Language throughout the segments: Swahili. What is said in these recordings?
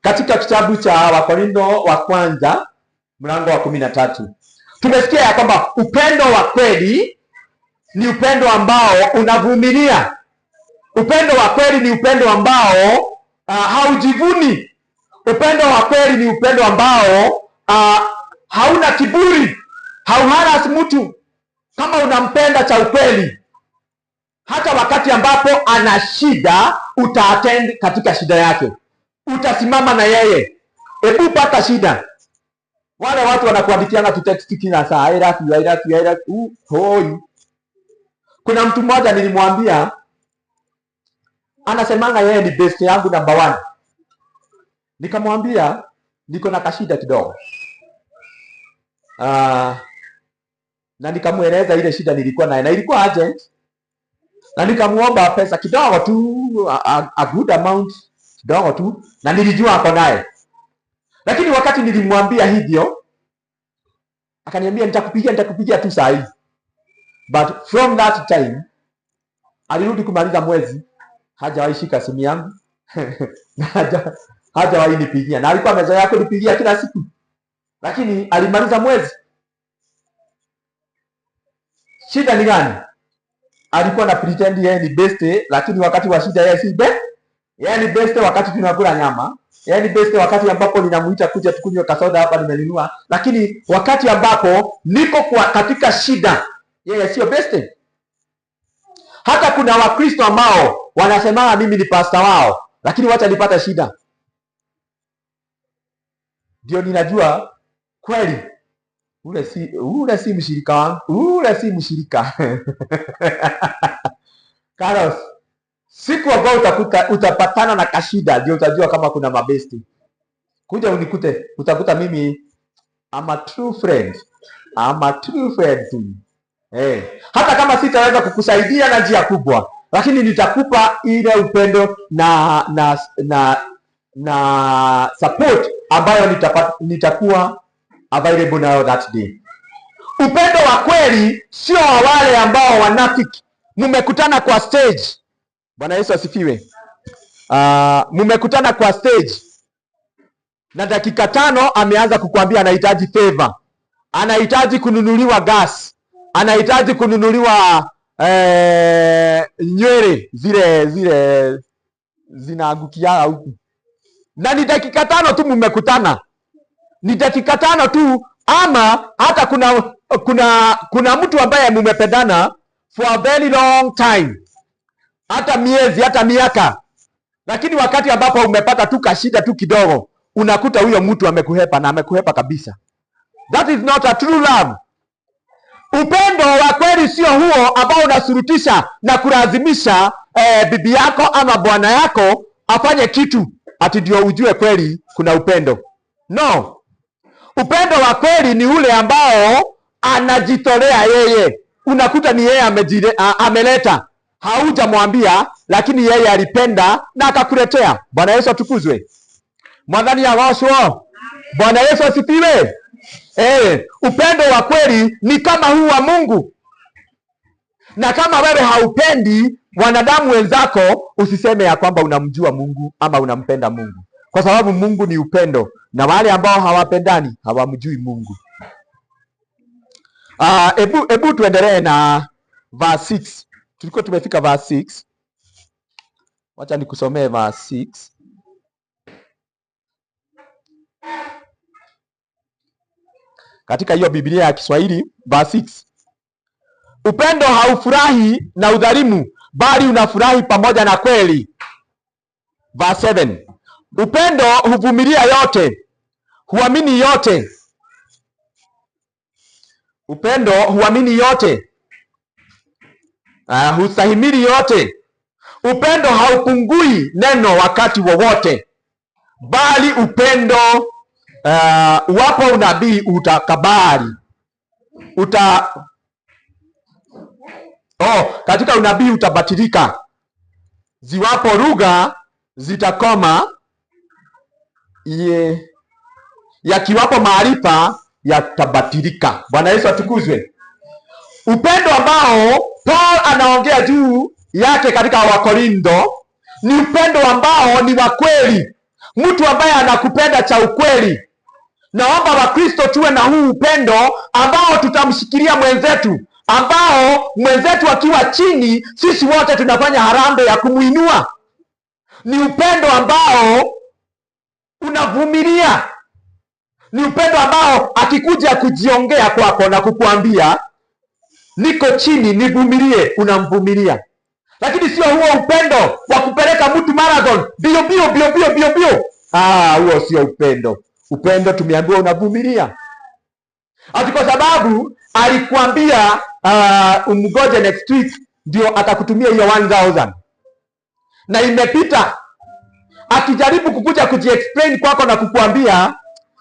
katika kitabu cha Wakorintho wa kwanza mlango wa kumi na tatu tumesikia ya kwamba upendo wa kweli ni upendo ambao unavumilia. Upendo wa kweli ni upendo ambao uh, haujivuni. Upendo wa kweli ni upendo ambao uh, hauna kiburi, hauharas mtu. Kama unampenda cha ukweli, hata wakati ambapo ana shida, utaattend katika shida yake utasimama na yeye. Hebu pata shida. Wale watu wanakuandikianga tu text kila saa, I love you, I love you, I love you. Hoi. Kuna mtu mmoja nilimwambia anasemanga yeye ni best yangu number one. Nikamwambia niko na kashida kidogo. Ah, na nikamweleza ile shida nilikuwa naye na ilikuwa urgent. Na nikamuomba pesa kidogo tu a, a, a good amount kidogo tu, na nilijua ako naye, lakini wakati nilimwambia hivyo akaniambia nitakupigia, nitakupigia tu saa hizi. But from that time alirudi kumaliza mwezi, hajawahi shika simu yangu haja hajawahi nipigia, na alikuwa amezoea kunipigia kila siku, lakini alimaliza mwezi. Shida ni gani? Alikuwa na pretend yeye ni best, lakini wakati wa shida yeye si best. Yaani beste wakati tunakula nyama, yaani beste wakati ambapo ninamuita kuja tukunywe kasoda hapa nimenunua lakini wakati ambapo niko kwa katika shida, yeye sio beste. Hata kuna Wakristo ambao wanasema ah, mimi ni pasta wao, lakini wacha nipata shida ndio ninajua kweli ule si ule si mshirika wangu, ule si mshirika Carlos Siku ambayo utakuta utapatana na kashida, ndio utajua kama kuna mabesti. Kuja unikute, utakuta mimi ama true friend, ama true friend. Eh, hata kama sitaweza kukusaidia na njia kubwa, lakini nitakupa ile upendo na na na na support ambayo nitapa, nitakuwa available nayo that day. Upendo wa kweli sio wa wale ambao wanafiki. Mmekutana kwa stage Bwana Yesu asifiwe. Uh, ah, mmekutana kwa stage na dakika tano ameanza kukwambia anahitaji favor, anahitaji kununuliwa gas, anahitaji kununuliwa eh, nywele zile zile zinaangukia huku, na ni dakika tano tu mmekutana, ni dakika tano tu, ama hata kuna kuna kuna mtu ambaye mmependana for a very long time hata miezi hata miaka, lakini wakati ambapo umepata tu kashida tu kidogo, unakuta huyo mtu amekuhepa na amekuhepa kabisa. That is not a true love. Upendo wa kweli sio huo ambao unasurutisha na kulazimisha eh, bibi yako ama bwana yako afanye kitu ati ndio ujue kweli kuna upendo. No, upendo wa kweli ni ule ambao anajitolea yeye, unakuta ni yeye ameleta haujamwambia, lakini yeye alipenda na akakuletea. Bwana Yesu atukuzwe, mwadhani ya washo. Bwana Yesu asifiwe. Eh, upendo wa kweli ni kama huu wa Mungu, na kama wewe haupendi wanadamu wenzako, usiseme ya kwamba unamjua Mungu ama unampenda Mungu, kwa sababu Mungu ni upendo, na wale ambao hawapendani hawamjui Mungu. Hebu ah, uh, tuendelee na verse 6 tulikuwa tumefika verse 6. Wacha nikusomee verse 6. Katika hiyo Biblia ya Kiswahili verse 6. Upendo haufurahi na udhalimu, bali unafurahi pamoja na kweli. Verse 7. Upendo huvumilia yote, huamini yote. Upendo huamini yote uh, hustahimili yote. Upendo haupungui neno wakati wowote, bali upendo uh, ah, wapo unabii utakabali uta oh, katika unabii utabatilika, ziwapo lugha zitakoma, yakiwapo maarifa yatabatilika. Bwana Yesu atukuzwe. Upendo ambao Paul anaongea juu yake katika wakorindo ni upendo ambao ni wa kweli, mtu ambaye anakupenda cha ukweli. Naomba Wakristo tuwe na huu upendo ambao tutamshikilia mwenzetu, ambao mwenzetu akiwa chini, sisi wote tunafanya harambe ya kumuinua. Ni upendo ambao unavumilia, ni upendo ambao akikuja kujiongea kwako na kukuambia niko chini, nivumilie, unamvumilia. Lakini sio huo upendo wa kupeleka mtu marathon bio bio bio bio bio bio. Ah, huo sio upendo. Upendo tumeambiwa unavumilia, ati kwa sababu alikuambia uh, ah, umgoje next week ndio atakutumia hiyo 1000 na imepita, akijaribu kukuja kujiexplain kwako na kukuambia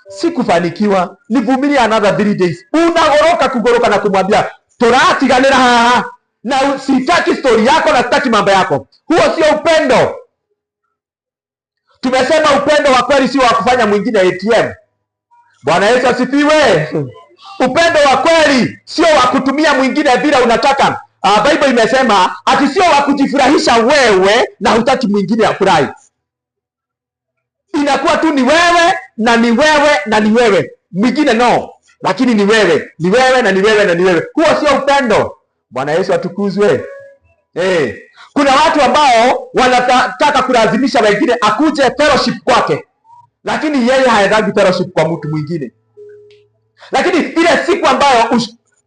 sikufanikiwa, nivumilie another 3 days, unagoroka kugoroka na kumwambia turatiganira haha na sitaki stori yako na sitaki mambo yako. Huo sio upendo. Tumesema upendo wa kweli sio wa kufanya mwingine ATM. Bwana Yesu asifiwe. Upendo wa kweli sio wa kutumia mwingine vile unataka. Uh, Bible imesema ati sio wa kujifurahisha wewe na hutaki mwingine afurahi. Inakuwa tu ni wewe na ni wewe na ni wewe, mwingine no lakini ni wewe, ni wewe na ni wewe na ni wewe. Huo sio upendo. Bwana Yesu atukuzwe. Hey. Eh, kuna watu ambao wanataka kulazimisha wengine akuje fellowship kwake, lakini yeye haendagi fellowship kwa mtu mwingine. Lakini ile siku ambayo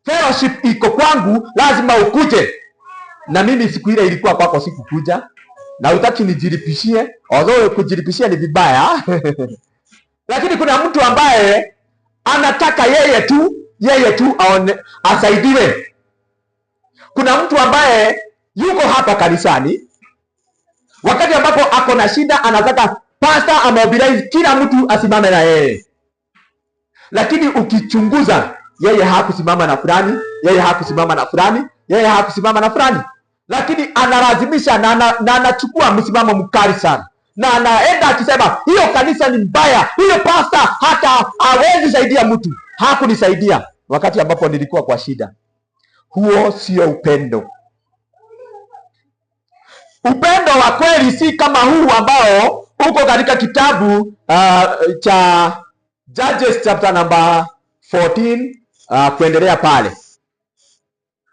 fellowship iko kwangu, lazima ukuje na mimi. Siku ile ilikuwa kwako, sikukuja na utaki nijiripishie, although kujiripishia ni vibaya lakini kuna mtu ambaye anataka yeye tu yeye tu aone, asaidiwe. Kuna mtu ambaye yuko hapa kanisani, wakati ambapo ako na shida, anataka pasta amobilize kila mtu asimame na yeye, lakini ukichunguza, yeye hakusimama na fulani, yeye hakusimama na fulani, yeye hakusimama na fulani, lakini analazimisha na anachukua msimamo mkali sana na anaenda akisema hiyo kanisa ni mbaya, huyo pasta hata hawezi saidia mtu, hakunisaidia wakati ambapo nilikuwa kwa shida. Huo sio upendo. Upendo wa kweli si kama huu ambao uko katika kitabu uh, cha Judges chapter number 14 uh, kuendelea pale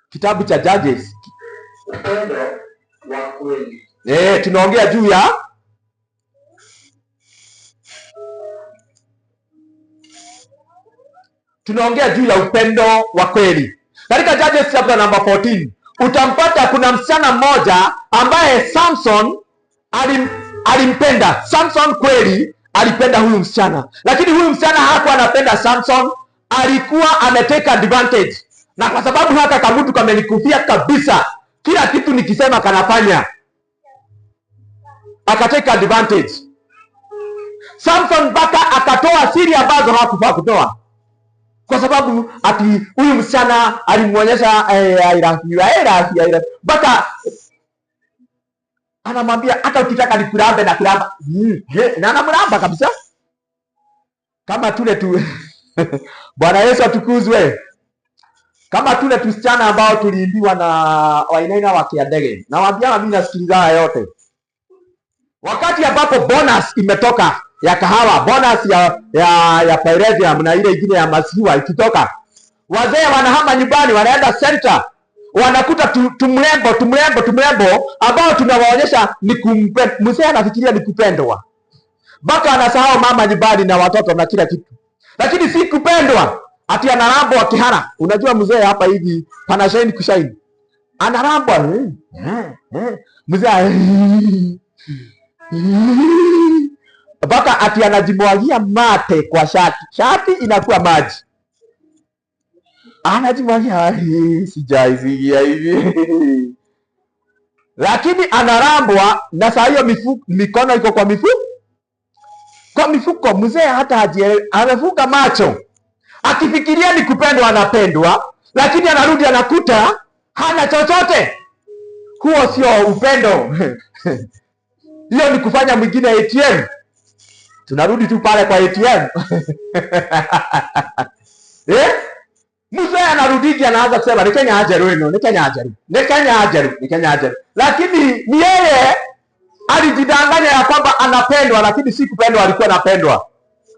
kitabu cha Judges. Upendo wa kweli eh, tunaongea juu ya tunaongea juu ya upendo wa kweli. Katika Judges chapter number 14 utampata kuna msichana mmoja ambaye Samson alim, alimpenda. Samson kweli alipenda huyu msichana, lakini huyu msichana hakuwa anapenda Samson, alikuwa ameteka advantage, na kwa sababu haka kamutu kamelikufia kabisa, kila kitu nikisema kanafanya, akateka advantage. Samson mpaka akatoa siri ambazo hakufaa kutoa kwa sababu ati huyu msichana alimwonyesha eh, I mpaka anamwambia hata ukitaka nikurambe na kiramba mm, na anamramba kabisa kama tule tu Bwana Yesu atukuzwe. Kama tule tusichana ambao tuliimbiwa na Wainaina wa Kiandege, nawaambia mimi nasikiliza yote, wakati ambapo bonus imetoka ya kahawa, bonus ya ya, ya pyrethrum na ile ingine ya maziwa ikitoka, wazee wanahama nyumbani, wanaenda center, wanakuta tumrembo tumrembo tumrembo ambao tunawaonyesha ni kumpenda mzee, anafikiria ni kupendwa, mpaka anasahau mama nyumbani na watoto na kila kitu, lakini si kupendwa ati wa kihara. Unajua mzee hapa hivi pana shine kushine, analambwa eh, eh, mzee eh mpaka ati anajimwagia mate kwa shati, shati inakuwa maji, anajimwagia sijaizigia hivi lakini anarambwa na saa hiyo mifu, mikono iko kwa mifuko kwa mifuko. Mzee hata hajielewi, amefunga macho akifikiria ni kupendwa, anapendwa, lakini anarudi anakuta hana chochote. Huo sio upendo hiyo ni kufanya mwingine ATM tunarudi tu pale kwa ATM eh? Mzee anarudiji anaanza kusema ni Kenya ajaru ino, ni Kenya ajaru, ni Kenya ajaru, ni Kenya ajaru. Lakini ni yeye alijidanganya ya kwamba anapendwa, lakini si kupendwa, alikuwa anapendwa.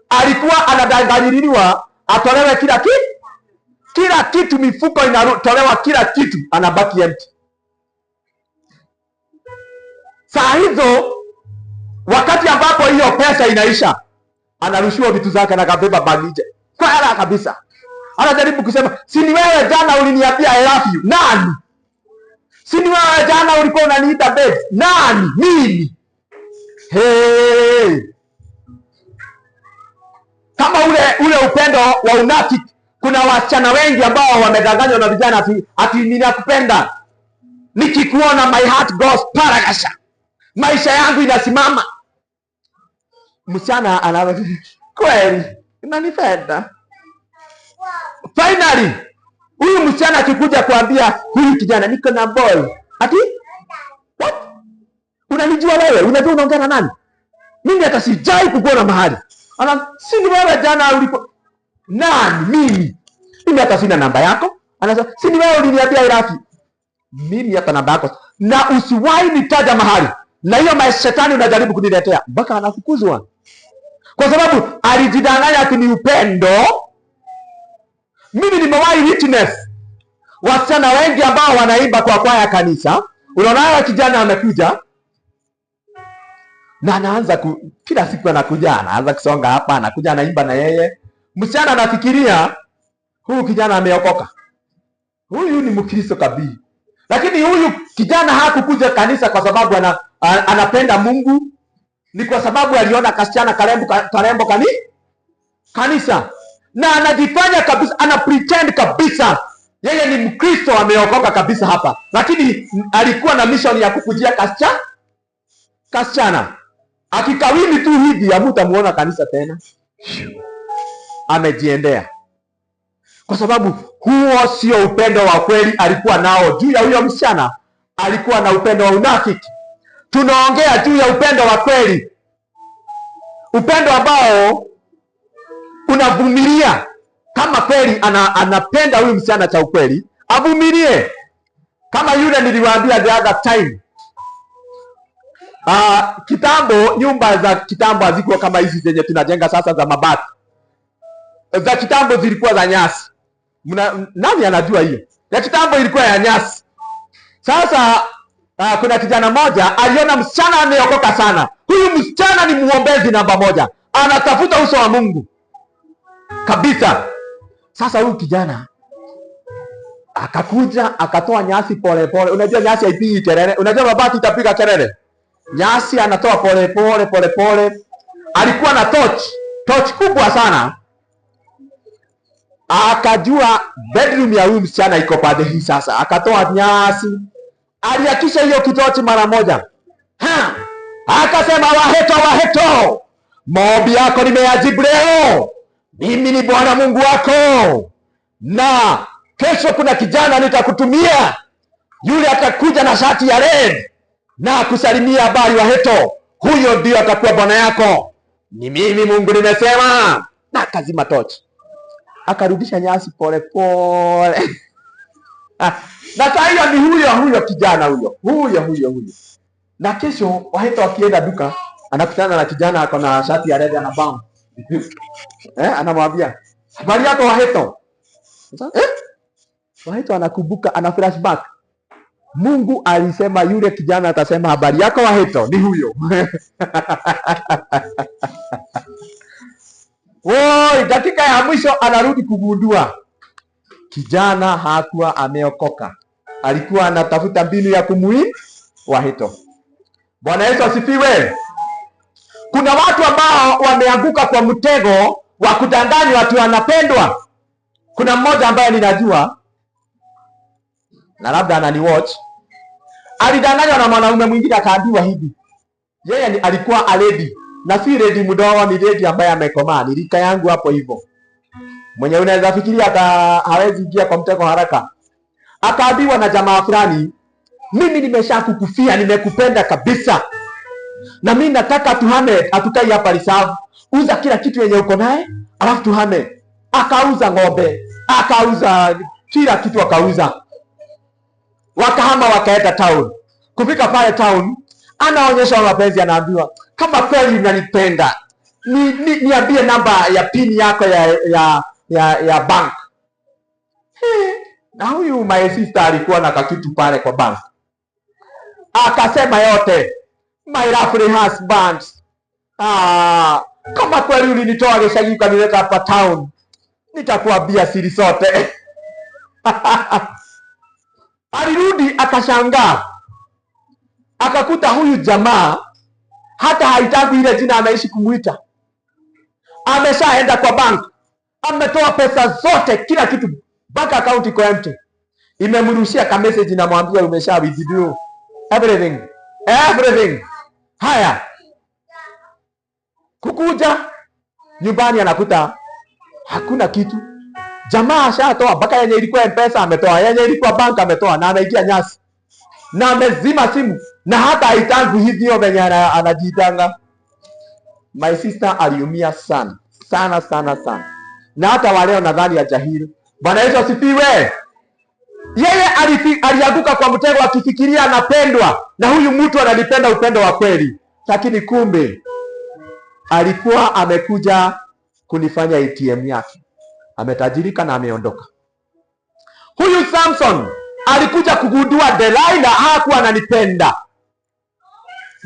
Alikuwa anadanganyiriwa atolewe kila kitu, kila kitu, mifuko inatolewa, kila kitu, anabaki empty saa hizo Wakati ambapo hiyo pesa inaisha, anarushiwa vitu zake na kabeba bag kwa haraka kabisa. Anajaribu kusema si ni wewe jana uliniambia I love you? Nani? Si ni wewe jana ulikuwa unaniita babe? Nani? Mimi. Hey. Kama ule ule upendo wa unafiki. Kuna wasichana wengi ambao wamedanganywa na vijana ati, ati ninakupenda, nikikuona my heart goes paragasha, maisha yangu inasimama msichana ana kweli inanipenda. Finally huyu msichana akikuja kuambia huyu kijana, niko na boy, ati what, unanijua wewe? Unajua unaongea na nani? Mimi hata sijai kukuona mahali. Ana si ni wewe jana ulipo nani? Mimi mimi hata sina namba yako. Anasema si ni wewe uliniambia irafi mimi hata namba yako na usiwahi nitaja mahali, na hiyo mashetani unajaribu kuniletea mpaka anafukuzwa kwa sababu alijidanganya ati ni upendo. Mimi nimewahi witness wasichana wengi ambao wanaimba kwa kwaya kanisa, unaona hayo kijana amekuja na anaanza ku, kila siku anakuja anaanza kusonga hapa, anakuja anaimba na yeye. Msichana anafikiria huyu kijana ameokoka, huyu ni Mkristo kabii, lakini huyu kijana hakukuja kanisa kwa sababu ana, anapenda Mungu ni kwa sababu aliona kasichana karembo, karembo kani kanisa na anajifanya kabisa, ana pretend kabisa yeye ni Mkristo ameokoka kabisa hapa, lakini alikuwa na mission ya kukujia kasicha kasichana. akikawini tu hivi, amutamuona kanisa tena, amejiendea kwa sababu huo sio upendo wa kweli alikuwa nao juu ya huyo msichana. Alikuwa na upendo wa unafiki tunaongea juu ya upendo wa kweli, upendo ambao unavumilia. Kama kweli ana, anapenda huyu msichana cha ukweli, avumilie kama yule niliwaambia the other time. Uh, kitambo nyumba za kitambo hazikuwa kama hizi zenye tunajenga sasa za mabati. Za kitambo zilikuwa za nyasi. Mna, nani anajua hiyo? Ya kitambo ilikuwa ya nyasi. Sasa uh, kuna kijana moja aliona msichana ameokoka sana. Huyu msichana ni muombezi namba moja, anatafuta uso wa Mungu kabisa. Sasa huyu kijana akakuja akatoa nyasi pole pole. Unajua nyasi haipigi kelele, unajua mabati itapiga kelele. Nyasi anatoa pole pole pole. Alikuwa na torch torch kubwa sana, akajua bedroom ya huyu msichana iko pande hii. Sasa akatoa nyasi aliakisha hiyo kitoti mara moja ha! Akasema, Waheto, Waheto, maombi yako nimeyajibu leo. Mimi ni Bwana Mungu wako, na kesho kuna kijana nitakutumia, yule atakuja na shati ya red na kusalimia habari, Waheto, huyo ndio atakuwa bwana yako. Ni mimi Mungu nimesema. Na kazima tochi, akarudisha nyasi pole pole. na taiga ni huyo huyo kijana huyo huyo huyo huyo. Na kesho waheta wakienda duka anakutana na kijana ako na shati ya red na bang eh, anamwambia habari yako waheto eh? waheto anakumbuka, ana flashback. Mungu alisema yule kijana atasema habari yako waheto ni huyo Woi, dakika ya mwisho anarudi kugundua kijana hakuwa ameokoka alikuwa anatafuta mbinu ya kumwii wahito. Bwana Yesu asifiwe. Kuna watu ambao wameanguka kwa mtego wa kudanganywa watu wanapendwa. Kuna mmoja ambaye ninajua na labda anani watch alidanganywa na mwanaume mwingine, akaambiwa hivi, yeye alikuwa aredi na si redi mdoa, ni redi ambaye amekomaa, ni rika yangu hapo hivyo. Mwenye unaweza fikiria hata hawezi ingia kwa mtego haraka akaambiwa na jamaa fulani, mimi nimesha kukufia nimekupenda kabisa, na mimi nataka tuhame, atukai hapa Risavu, uza kila kitu yenye uko naye, alafu tuhame. Akauza ng'ombe, akauza kila kitu, akauza. Wakahama wakaenda town. Kufika pale town, anaonyesha mapenzi, anaambiwa kama kweli unanipenda ni, ni, niambie namba ya pini yako ya ya ya, ya bank na huyu my sister alikuwa na kakitu pale kwa bank, akasema yote, my lovely husband, ah, kama kweli ulinitoa Gicagi ukanileta hapa town, nitakuambia siri zote. Alirudi akashangaa, akakuta huyu jamaa hata haitaki ile jina anaishi kumwita, ameshaenda kwa bank, ametoa pesa zote, kila kitu bank account iko empty, imemrushia ka message na mwambia umesha withdraw everything everything. Haya, kukuja nyumbani anakuta hakuna kitu. Jamaa ashatoa mpaka yenye ilikuwa mpesa ametoa, yenye ilikuwa bank ametoa, na anaingia nyasi na amezima simu na hata haitangu hivyo venye anajitanga. My sister aliumia sana sana sana sana, na hata waleo nadhani jahili Bwana Yesu asifiwe. Yeye alianguka kwa mtego akifikiria anapendwa na huyu mtu ananipenda upendo wa kweli, lakini kumbe alikuwa amekuja kunifanya ATM yake. Ametajirika na ameondoka. Huyu Samson alikuja kugundua Delilah hakuwa ananipenda.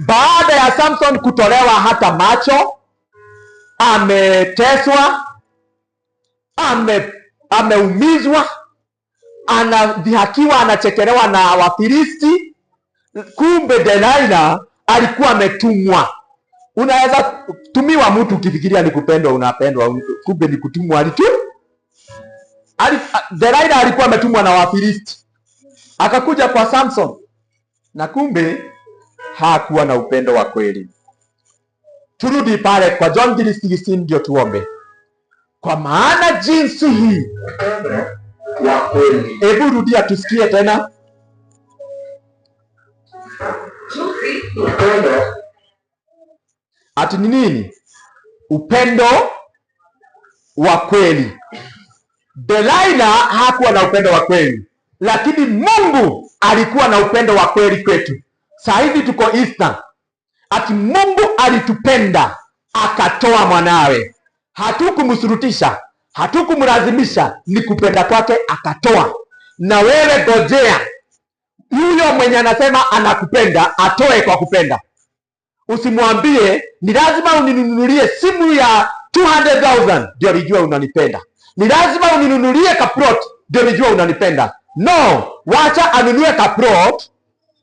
Baada ya Samson kutolewa hata macho, ameteswa, ame ameumizwa, anadhihakiwa, anachekelewa na Wafilisti. Kumbe Delaila alikuwa ametumwa. Unaweza tumiwa mtu ukifikiria ni kupendwa, unapendwa, kumbe ni kutumwa. Alitu Delaila alikuwa ametumwa na Wafilisti, akakuja kwa Samson na kumbe hakuwa na upendo wa kweli. Turudi pale kwa John 3:16 ndio tuombe. Kwa maana jinsi hii ya kweli. Hebu rudia tusikie tena. Ati ni nini? Upendo wa kweli. delaila hakuwa na upendo wa kweli, lakini Mungu alikuwa na upendo wa kweli kwetu. Saa hivi tuko Easter, ati Mungu alitupenda akatoa mwanawe Hatukumshurutisha, hatukumlazimisha, ni kupenda kwake akatoa. Na wewe gojea huyo mwenye anasema anakupenda atoe kwa kupenda. Usimwambie ni lazima uninunulie simu ya 200,000 ndio nijue unanipenda, ni lazima uninunulie kaprot ndio nijue unanipenda. No, wacha anunue kaprot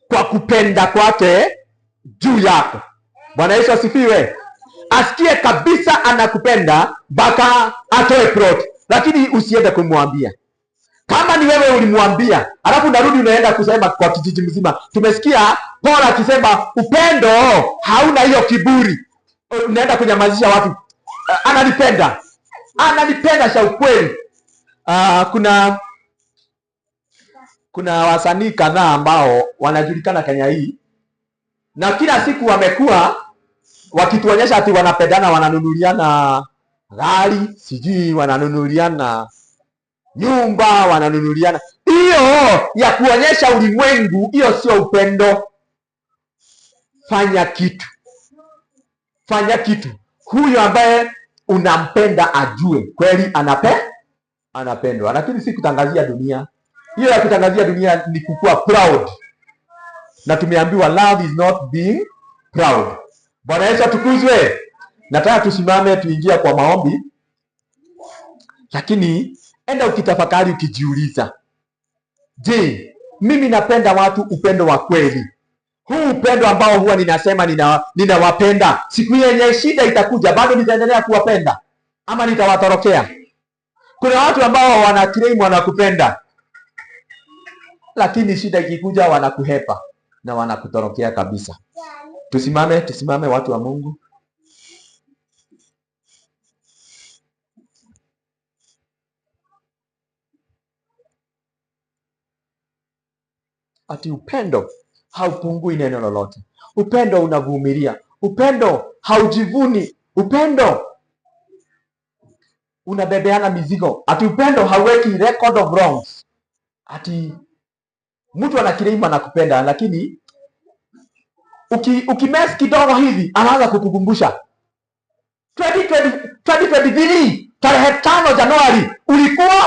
kwa kupenda kwake juu yako. Bwana Yesu asifiwe asikie kabisa anakupenda mpaka atoe plot, lakini usiende kumwambia. Kama ni wewe ulimwambia, alafu narudi unaenda kusema kwa kijiji mzima, tumesikia Paul akisema upendo hauna hiyo kiburi. Unaenda kunyamazisha watu, eh, ananipenda, ananipenda sha ukweli. Uh, kuna kuna wasanii kadhaa ambao wanajulikana Kenya hii na kila siku wamekuwa wakituonyesha ati wanapendana, wananunuliana gari, sijui wananunuliana nyumba, wananunuliana. Hiyo ya kuonyesha ulimwengu, hiyo sio upendo. Fanya kitu, fanya kitu, huyo ambaye unampenda ajue kweli anape anapendwa, lakini si kutangazia dunia. Hiyo ya kutangazia dunia ni kukuwa proud, na tumeambiwa love is not being proud. Bwana Yesu atukuzwe. Nataka tusimame tuingia kwa maombi, lakini enda ukitafakari, ukijiuliza, je, mimi napenda watu upendo wa kweli? Huu upendo ambao huwa ninasema ninawapenda, nina siku yenye shida itakuja, bado nitaendelea kuwapenda ama nitawatorokea? Kuna watu ambao claim wanakupenda, lakini shida ikikuja wanakuhepa na wanakutorokea kabisa. Tusimame, tusimame watu wa Mungu. Ati upendo haupungui neno lolote. Upendo unavumilia, upendo haujivuni, upendo unabebeana mizigo. Ati upendo haweki record of wrongs. Ati mtu anakileima na kupenda, lakini uki, ukimes kidogo hivi anaanza kukukumbusha 2023 tarehe tano Januari ulikuwa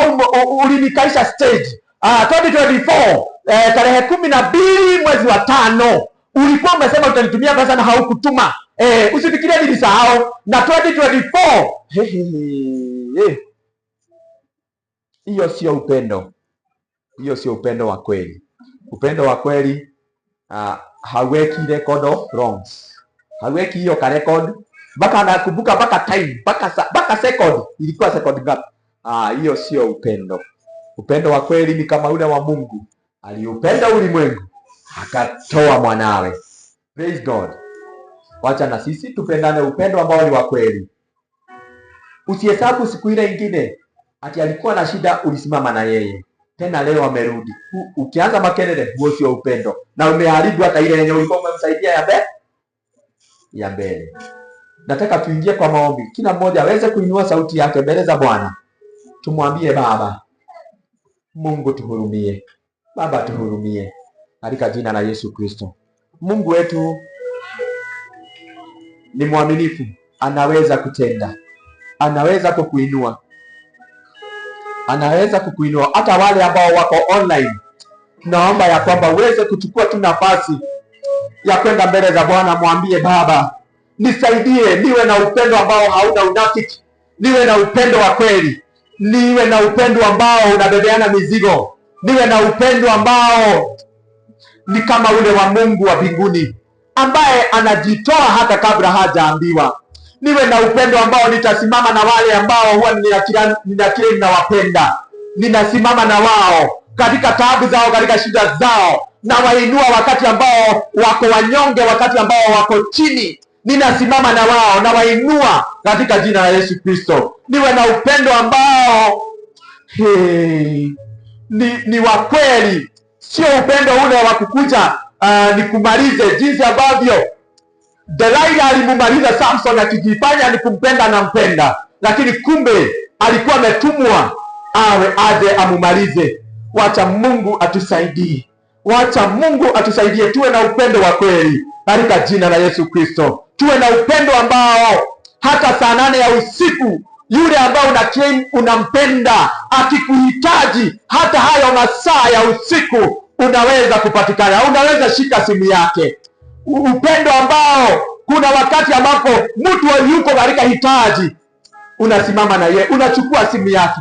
ulinikaisha stage. ah, 2024 eh, tarehe kumi na mbili mwezi wa tano ulikuwa umesema utanitumia pesa na haukutuma. Eh, usifikirie nilisahau na 2024 hiyo hey, hey, hey. Sio upendo, hiyo sio upendo wa kweli. Upendo wa kweli ah, haweki record of wrongs, haweki hiyo ka record mpaka anakumbuka mpaka time mpaka mpaka second ilikuwa second gap. Ah, hiyo sio upendo. Upendo wa kweli ni kama ule wa Mungu aliupenda ulimwengu akatoa mwanawe. Praise God. Wacha na sisi tupendane upendo ambao ni wa kweli. Usihesabu siku ile ingine ati alikuwa na shida, ulisimama na yeye tena leo amerudi. Ukianza makelele, huo sio upendo, na umeharibu hata ile yenye ulikuwa umemsaidia ya mbele ya mbele. Nataka tuingie kwa maombi, kila mmoja aweze kuinua sauti yake mbele za Bwana, tumwambie Baba Mungu, tuhurumie Baba, tuhurumie katika jina la Yesu Kristo. Mungu wetu ni mwaminifu, anaweza kutenda, anaweza kukuinua anaweza kukuinua. Hata wale ambao wako online, tunaomba ya kwamba uweze kuchukua tu nafasi ya kwenda mbele za Bwana, mwambie Baba, nisaidie niwe na upendo ambao hauna unafiki, niwe na upendo wa kweli, niwe na upendo ambao unabebeana mizigo, niwe na upendo ambao ni kama ule wa Mungu wa mbinguni ambaye anajitoa hata kabla hajaambiwa niwe na upendo ambao nitasimama na wale ambao huwa ninakile ninawapenda, ninasimama na wao katika taabu zao, katika shida zao, nawainua wakati ambao wako wanyonge, wakati ambao wako chini, ninasimama na wao, nawainua katika jina la Yesu Kristo. Niwe na upendo ambao hey, ni, ni wa kweli, sio upendo ule wa kukuja uh, nikumalize jinsi ambavyo Delaila alimumaliza Samson akijifanya ni kumpenda anampenda lakini kumbe alikuwa ametumwa awe aje amumalize. Wacha Mungu atusaidie, wacha Mungu atusaidie, tuwe na upendo wa kweli katika jina la Yesu Kristo. Tuwe na upendo ambao hata saa nane ya usiku yule ambao una claim unampenda akikuhitaji, hata hayo masaa ya usiku unaweza kupatikana, unaweza shika simu yake upendo ambao kuna wakati ambapo mtu yuko katika hitaji, unasimama na yeye, unachukua simu yake,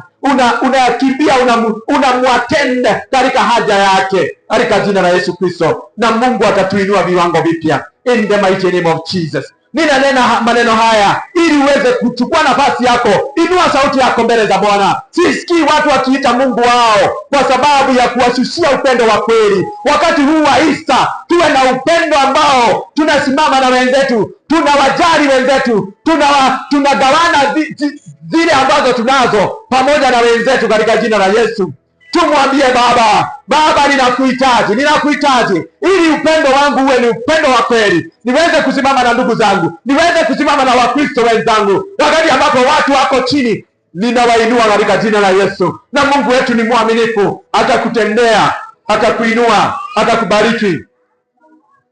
unakimbia, una unamwatenda una katika haja yake, katika jina la Yesu Kristo, na Mungu atatuinua viwango vipya in the mighty name of Jesus. Ninanena maneno haya ili uweze kuchukua nafasi yako. Inua sauti yako mbele za Bwana. Sisikii watu wakiita Mungu wao kwa sababu ya kuwashushia upendo wa kweli. Wakati huu wa ista tuwe na upendo ambao tunasimama na wenzetu, tunawajali wenzetu, tunawa, tunagawana zile ambazo tunazo pamoja na wenzetu katika jina la Yesu. Tumwambie Baba, Baba, ninakuhitaji, ninakuhitaji ili upendo wangu uwe ni upendo wa kweli, niweze kusimama na ndugu zangu, niweze kusimama na Wakristo wenzangu wakati ambapo watu wako chini. Ninawainua katika jina la Yesu, na Mungu wetu ni mwaminifu, atakutendea, atakuinua, atakubariki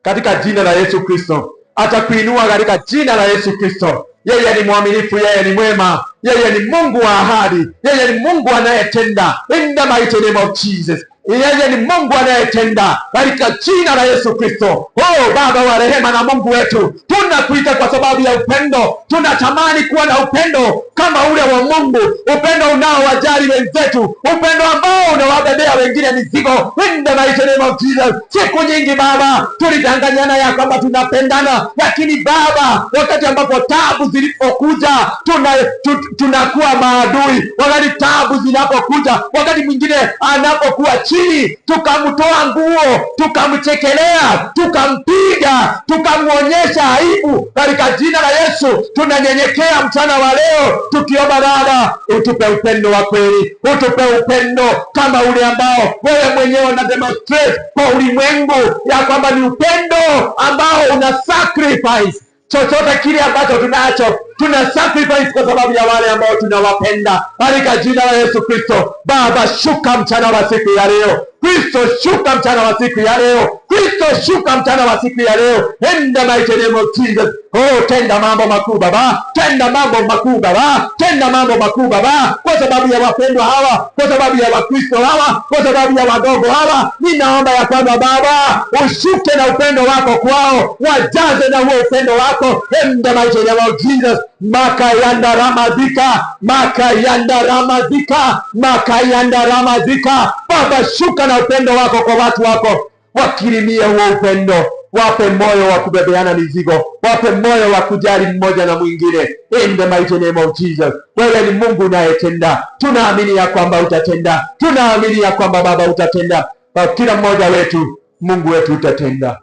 katika jina la Yesu Kristo atakuinua katika jina la Yesu Kristo. Yeye ni mwaminifu, yeye ni mwema, yeye ni Mungu wa ahadi, yeye ni Mungu anayetenda. In the mighty name of Jesus. Yeye ni Mungu anayetenda katika jina la Yesu Kristo. Oh, Baba wa rehema na Mungu wetu, tunakuita kwa sababu ya upendo. Tunatamani kuwa na upendo kama ule wa Mungu, upendo unaowajali wenzetu, upendo ambao unawabebea wengine mizigo. In the mighty name of Jesus. Siku nyingi Baba tulidanganyana ya kwamba tunapendana, lakini Baba, wakati ambapo tabu zilipokuja, tunakuwa tuna maadui. Wakati tabu zinapokuja, wakati mwingine anapokuwa chini, tukamtoa nguo, tukamchekelea, tukampiga, tukamwonyesha aibu. Katika jina la Yesu tunanyenyekea mchana wa leo tukiomba, Baba, utupe upendo wa kweli, utupe upendo kama ule ambao wewe mwenyewe una demonstrate kwa ulimwengu, ya kwamba ni upendo ambao una sacrifice chochote kile ambacho tunacho tuna sacrifice kwa sababu ya wale ambao tunawapenda. barika jina la Yesu Kristo, Baba, shuka mchana wa siku ya leo Kristo shuka mchana wa siku ya leo. Kristo shuka mchana wa siku ya leo. Enda the mighty name Oh, tenda mambo makuu Baba, tenda mambo makuu Baba, tenda mambo makuu Baba, kwa sababu ya wapendwa hawa, kwa sababu ya Wakristo hawa, kwa sababu ya wadogo hawa, ninaomba ya kwamba Baba ushuke na upendo wako kwao, wajaze na huo upendo wako. Enda the mighty name Jesus makayandaramazika makayandaramazika makayandaramazika. Baba, shuka na upendo wako kwa watu wako, wakirimie huo upendo, wape moyo wa kubebeana mizigo, wape moyo wa kujali mmoja na mwingine. In the mighty name of Jesus, wewe ni Mungu unayetenda, tunaamini ya kwamba utatenda, tunaamini ya kwamba Baba utatenda kwa kila mmoja wetu. Mungu wetu utatenda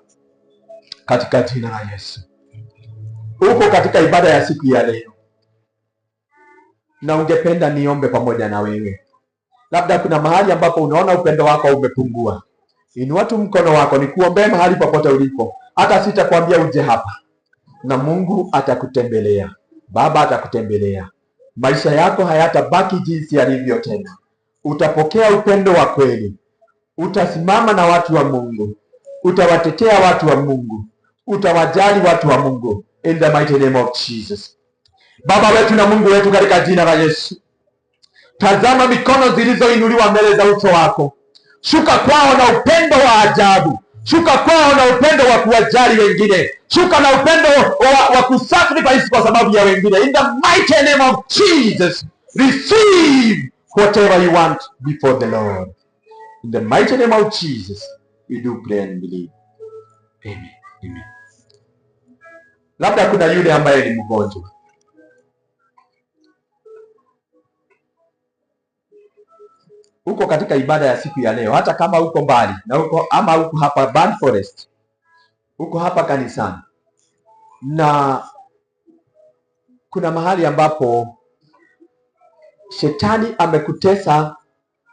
katika jina la Yesu uko katika ibada ya siku ya leo na ungependa niombe pamoja na wewe. Labda kuna mahali ambapo unaona upendo wako umepungua, inua tu mkono wako nikuombee mahali popote ulipo. Hata sitakwambia uje hapa, na Mungu atakutembelea, Baba atakutembelea. Maisha yako hayatabaki jinsi yalivyo tena, utapokea upendo wa kweli, utasimama na watu wa Mungu, utawatetea watu wa Mungu, utawajali watu wa Mungu in the mighty name of Jesus. Baba wetu na Mungu wetu, katika jina la Yesu, tazama mikono zilizoinuliwa mbele za uso wako, shuka kwao na upendo wa ajabu shuka kwao na upendo wa kuwajali wengine, shuka na upendo wa, wa kusacrifice kwa sababu ya wengine. In the mighty name of Jesus, receive whatever you want before the Lord. In the mighty name of Jesus, we do pray and believe. Amen. Amen. Labda kuna yule ambaye ni mgonjwa, uko katika ibada ya siku ya leo, hata kama uko mbali na uko ama uko hapa Burn Forest, uko hapa kanisani, na kuna mahali ambapo shetani amekutesa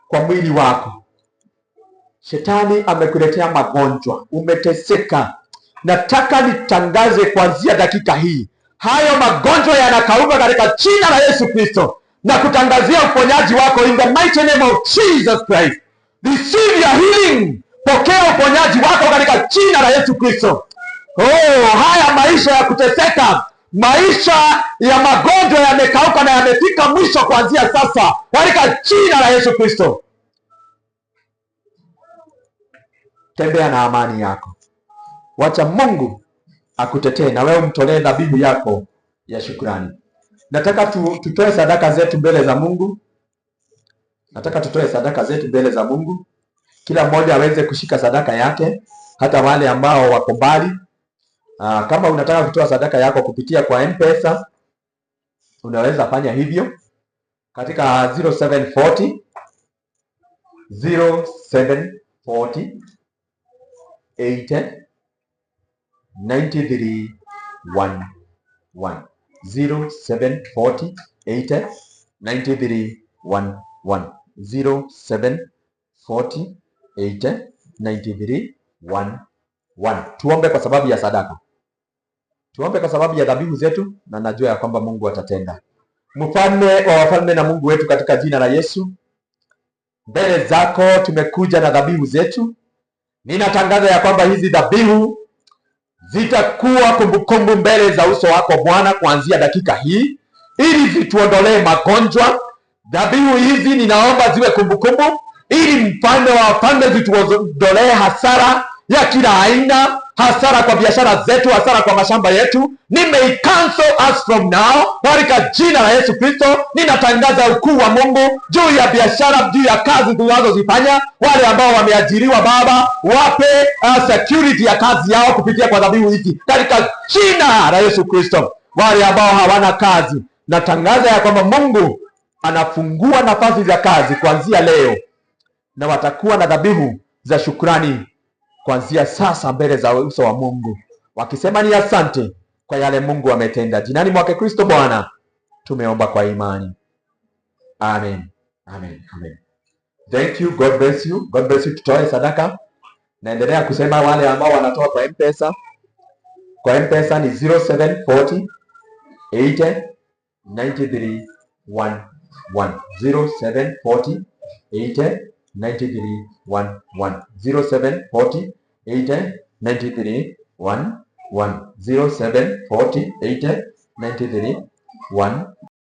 kwa mwili wako, shetani amekuletea magonjwa, umeteseka nataka nitangaze kuanzia dakika hii, hayo magonjwa yanakauka katika china la Yesu Kristo, na kutangazia uponyaji wako in the mighty name of Jesus Christ. Receive your healing, pokea uponyaji wako katika china la Yesu Kristo. Oh, haya maisha ya kuteseka maisha ya magonjwa yamekauka na yamefika mwisho kuanzia sasa katika china la Yesu Kristo. Tembea na amani yako. Wacha Mungu akutetee na wewe umtolee dhabihu yako ya shukrani. Nataka tu, tutoe sadaka zetu mbele za Mungu. Nataka tutoe sadaka zetu mbele za Mungu, kila mmoja aweze kushika sadaka yake, hata wale ambao wako mbali. Ah, kama unataka kutoa sadaka yako kupitia kwa M-Pesa unaweza fanya hivyo katika 0740 0740 80 9311 tuombe kwa sababu ya sadaka, tuombe kwa sababu ya dhabihu zetu, na najua ya kwamba Mungu atatenda. Mfalme wa wafalme na Mungu wetu, katika jina la Yesu, mbele zako tumekuja na dhabihu zetu. Ninatangaza ya kwamba hizi dhabihu zitakuwa kumbukumbu mbele za uso wako Bwana kuanzia dakika hii, ili zituondolee magonjwa. Dhabihu hizi ninaomba ziwe kumbukumbu, ili mfalme wa wafalme zituondolee hasara ya kila aina hasara kwa biashara zetu, hasara kwa mashamba yetu, nimeicancel from now. Katika jina la Yesu Kristo, ninatangaza ukuu wa Mungu juu ya biashara, juu ya kazi tunazozifanya. Wale ambao wameajiriwa, Baba, wape uh, security ya kazi yao kupitia kwa dhabihu hizi, katika jina la Yesu Kristo. Wale ambao hawana kazi, natangaza ya kwamba Mungu anafungua nafasi za kazi kuanzia leo, na watakuwa na dhabihu za shukrani kuanzia sasa mbele za uso wa Mungu, wakisema ni asante kwa yale Mungu ametenda. Jinani mwake Kristo Bwana tumeomba kwa imani. Amen. Amen. Amen. Thank you. God bless you. God bless you. Tutoe sadaka. Naendelea kusema wale ambao wanatoa kwa M-Pesa. Kwa M-Pesa ni 0740 80 93 11. 0740 80 93 1 1 07 40 8 93 1 1 07 40 8 93 1